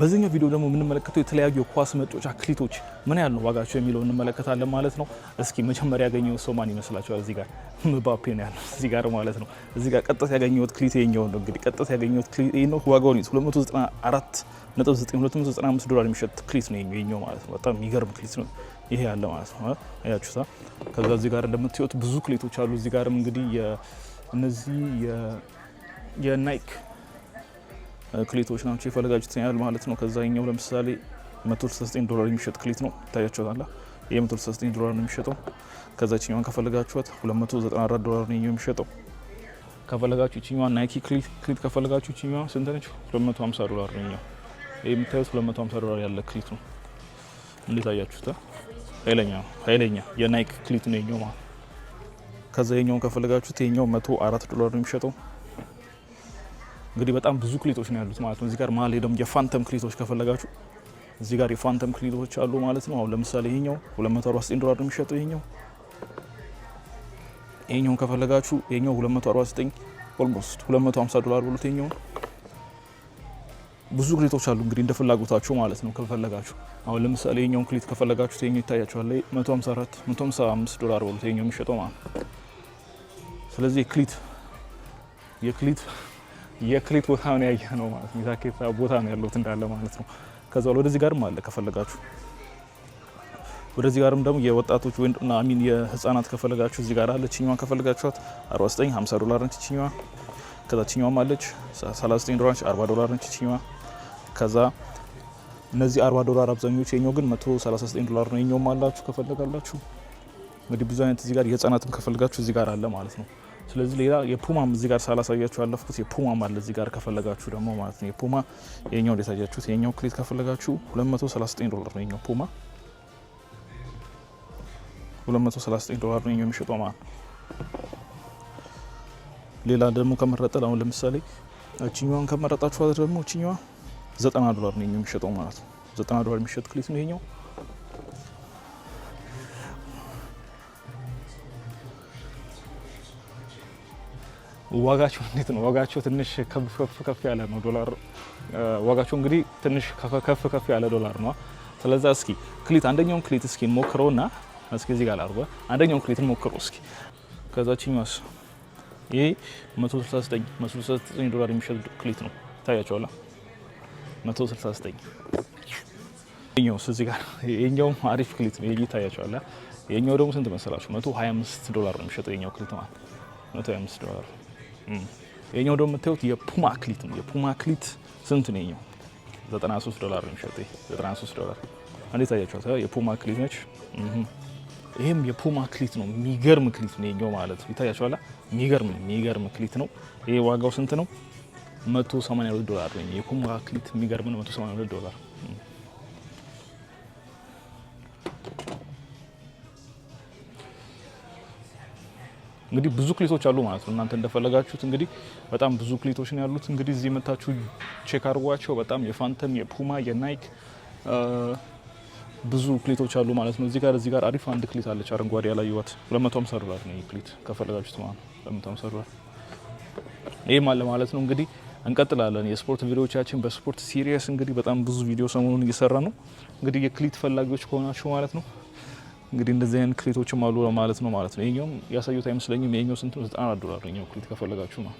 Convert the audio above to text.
በዚህኛው ቪዲዮ ደግሞ የምንመለከተው የተለያዩ የኳስ መጫወቻ ክሊቶች ምን ያህል ነው ዋጋቸው የሚለው እንመለከታለን ማለት ነው። እስኪ መጀመሪያ ያገኘው ሰው ማን ይመስላችኋል? እዚህ ጋር ምባፔ ነው ያለው እዚህ ጋር ማለት ነው። እዚህ ጋር ቀጥታ ያገኘሁት ክሊት የኛው ነው። እንግዲህ ቀጥታ ያገኘሁት ክሊት ዋጋው ነው 294 ነጥብ 295 ዶላር የሚሸጥ ክሊት ነው ይኸኛው ማለት ነው። በጣም የሚገርም ክሊት ነው ይሄ ያለ ማለት ነው። አያችሁታ። ከዛ እዚህ ጋር እንደምታዩት ብዙ ክሊቶች አሉ። እዚህ ጋርም እንግዲህ እነዚህ የናይክ ክሊቶች ናቸው የፈለጋችሁት ያህል ማለት ነው። ከዛኛው ለምሳሌ 169 ዶላር የሚሸጥ ክሊት ነው ይታያቸዋል። ይህ የ169 ዶላር ነው የሚሸጠው። ከዛችኛዋን ከፈለጋችኋት 294 ዶላር ነው የሚሸጠው። ከፈለጋችሁ ይችኛዋን ናይኪ ክሊት ከፈለጋችሁ ይችኛዋ ስንት ነች? 250 ዶላር ነው የሚለው። ይህ የምታዩት 250 ዶላር ያለ ክሊት ነው። እንዴት አያችሁታ? ኃይለኛ ነው። ኃይለኛ የናይክ ክሊት ነው የኛው ማለት። ከዛ የኛውን ከፈለጋችሁት የኛው 104 ዶላር ነው የሚሸጠው። እንግዲህ በጣም ብዙ ክሊቶች ነው ያሉት ማለት ነው። እዚህ ጋር መሀል ላይ ደግሞ የፋንተም ክሊቶች ከፈለጋችሁ እዚህ ጋር የፋንተም ክሊቶች አሉ ማለት ነው። አሁን ለምሳሌ ይሄኛው 249 ዶላር ነው የሚሸጠው። ይሄኛው ይሄኛውን ከፈለጋችሁ ይሄኛው 249 ኦልሞስት 250 ዶላር ብሎት ይሄኛው ብዙ ክሊቶች አሉ እንግዲህ እንደፈላጎታችሁ ማለት ነው። ከፈለጋችሁ አሁን ለምሳሌ ይሄኛውን ክሊት ከፈለጋችሁ ይሄኛው ይታያችኋል 154 155 ዶላር ብሎት ይሄኛው የሚሸጠው ማለት ነው። ስለዚህ የክሊት የክሊት የክሊት ቦታ ነው ያየ ነው ማለት ነው። የታኬታ ቦታ ነው ያለሁት እንዳለ ማለት ነው። ከዛ ወደዚህ ጋርም አለ ከፈለጋችሁ ወደዚህ ጋርም ደግሞ የወጣቶች ወይ አሚን የህፃናት ከፈለጋችሁ እዚህ ጋር አለች። ችኛዋ ከፈለጋችኋት 49 50 ዶላር ነች ችኛዋ። ከዛ ችኛዋም አለች 39 ዶላር ነች፣ 40 ዶላር ነች ችኛዋ። ከዛ እነዚህ 40 ዶላር አብዛኞቹ፣ የኛው ግን 139 ዶላር ነው። የኛውም አላችሁ ከፈለጋላችሁ እንግዲህ ብዙ አይነት እዚህ ጋር የህፃናትም ከፈለጋችሁ እዚህ ጋር አለ ማለት ነው። ስለዚህ ሌላ የፑማም እዚህ ጋር ሳላሳያችሁ ያለፍኩት የፑማም አለ እዚህ ጋር ከፈለጋችሁ ደግሞ ማለት ነው። የፑማ የኛው እንደታያችሁት የኛው ክሊት ከፈለጋችሁ 239 ዶላር ነው የኛው ፑማ 239 ዶላር ነው የኛው የሚሸጠው ማለት ነው። ሌላ ደግሞ ከመረጠ አሁን ለምሳሌ እችኛዋን ከመረጣችኋት ደግሞ እችኛዋ 90 ዶላር ነው የሚሸጠው ማለት ነው። 90 ዶላር የሚሸጥ ክሊት ነው ይሄኛው። ዋጋቸው እንዴት ነው? ዋጋቸው ትንሽ ከፍ ከፍ ከፍ ያለ ነው። ዶላር ዋጋቸው እንግዲህ ትንሽ ከፍ ከፍ ያለ ዶላር ነው። ስለዚህ እስኪ ክሊት አንደኛውን ክሊት እስኪ ሞክረውና እስኪ እዚህ ጋር አድርጎ አንደኛውን ክሊት ሞክሮ እስኪ ከዛችኛውስ ይሄ 169 169 ዶላር የሚሸጥ ክሊት ነው። ታያቸዋላ 169 የኛው እዚህ ጋር የኛው አሪፍ ክሊት ነው። ይሄ ታያቸዋላ። የኛው ደግሞ ስንት መሰላችሁ? 125 ዶላር ነው የሚሸጠው የኛው ክሊት ማለት 125 ዶላር የኛው ደግሞ የምታዩት የፑማ ክሊት ነው። የፑማ ክሊት ስንት ነው? የኛው 93 ዶላር ነው የሚሸጠው። 93 ዶላር እንዴት ታያችኋት? የፑማ ክሊት ነች። ይህም የፑማ ክሊት ነው። የሚገርም ክሊት ነው የኛው ማለት ነው። ይታያችኋል። የሚገርም የሚገርም ክሊት ነው። ይሄ ዋጋው ስንት ነው? 182 ዶላር ነው። የፑማ ክሊት የሚገርም ነው። 182 ዶላር እንግዲህ ብዙ ክሊቶች አሉ ማለት ነው። እናንተ እንደፈለጋችሁት እንግዲህ በጣም ብዙ ክሊቶች ነው ያሉት። እንግዲህ እዚህ መታችሁ ቼክ አድርጓቸው። በጣም የፋንተም የፑማ የናይክ ብዙ ክሊቶች አሉ ማለት ነው። እዚህ ጋር እዚህ ጋር አሪፍ አንድ ክሊት አለች አረንጓዴ ያላየኋት ለመቶ ሃምሳ ዶላር ነው ይሄ ክሊት ከፈለጋችሁት ማለት ነው። ለመቶ ሃምሳ ዶላር ይህም አለ ማለት ነው። እንግዲህ እንቀጥላለን የስፖርት ቪዲዮዎቻችን በስፖርት ሲሪየስ እንግዲህ በጣም ብዙ ቪዲዮ ሰሞኑን እየሰራ ነው። እንግዲህ የክሊት ፈላጊዎች ከሆናችሁ ማለት ነው እንግዲህ እንደዚህ አይነት ክሬቶችም አሉ ማለት ነው ማለት ነው። ይሄኛውም ያሳዩት አይመስለኝም። ይሄኛው ስንት ነው? 90 ዶላር ነው። ክሬት ከፈለጋችሁ ነው